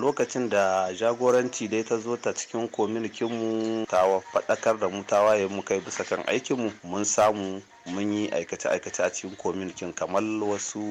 lokacin da jagoranci dai ta zo ta cikin kominikinmu ta faɗakar da mu ta waye mu kai bisa kan aikinmu mun samu mun yi aikace-aikace a cikin kominikin kamar wasu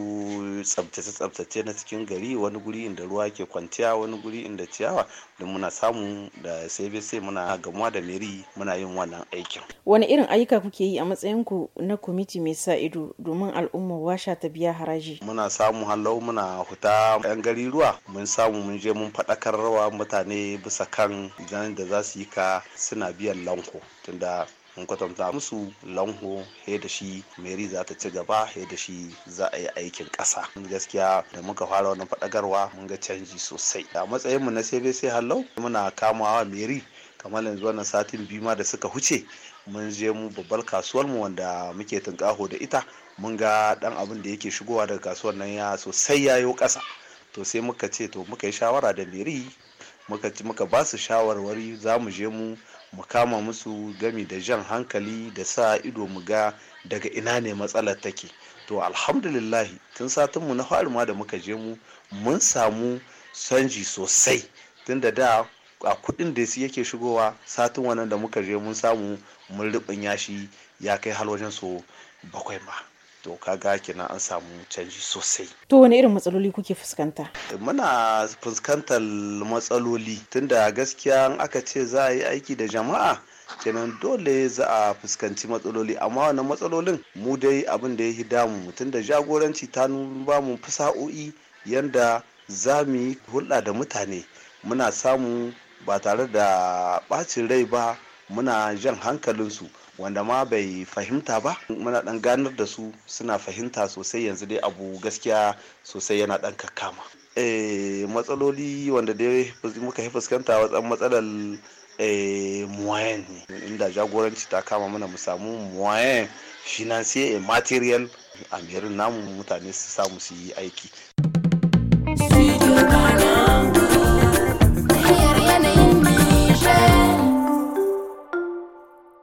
tsabtace-tsabtace na cikin gari wani guri inda ruwa ke kwanciya wani guri inda ciyawa da muna samu da sai muna gamuwa da meri muna yin wannan aikin wani irin ayyuka kuke yi a matsayin ku na kwamiti mai sa ido domin al'umma washa ta biya haraji muna samu halau muna huta yan gari ruwa mun samu mun je mun faɗakar rawa mutane bisa kan idan da za su yi ka suna biyan lanko tunda in kwatanta musu lanho he da shi meri za ta ci gaba he da shi za a yi aikin ƙasa gaskiya da muka fara wannan faɗakarwa mun ga canji sosai a matsayin mu na sai hallau muna kamawa meri kamar yanzu wannan satin biyu ma da suka huce mun je mu babbar kasuwar mu wanda muke tunkaho da ita mun ga dan abin da yake shigowa daga kasuwar nan ya sosai yayo ƙasa to sai muka ce to muka yi shawara da meri muka ci muka ba su shawarwari za mu je mu mu kama musu gami da jan hankali da sa ido mu ga daga ina ne matsalar take to alhamdulillahi tun satinmu na ma da muka je mu mun samu sanji sosai tun da da a kudin da yake shigowa satin wannan da muka je mun samu mun yashi ya kai har wajen so bakwai ma to kaga kenan an samu canji sosai to wani irin matsaloli kuke fuskanta muna fuskantar matsaloli tunda gaskiya aka ce za a yi aiki da jama'a kenan dole za a fuskanci matsaloli amma wannan matsalolin mu dai abin da ya yi damu tunda jagoranci ta ba mu fasa'o'i yanda za mu yi hulɗa da mutane muna samu ba tare da ɓacin rai ba muna jan hankalinsu wanda ma bai fahimta ba muna dan ganar da su suna fahimta sosai yanzu dai abu gaskiya sosai yana dan kakkama eh, matsaloli wanda dai muka yi fuskanta watsan matsalar eh, moyen ne inda jagoranci ta kama mana mu samu moyen financier material a namu mutane su samu su yi aiki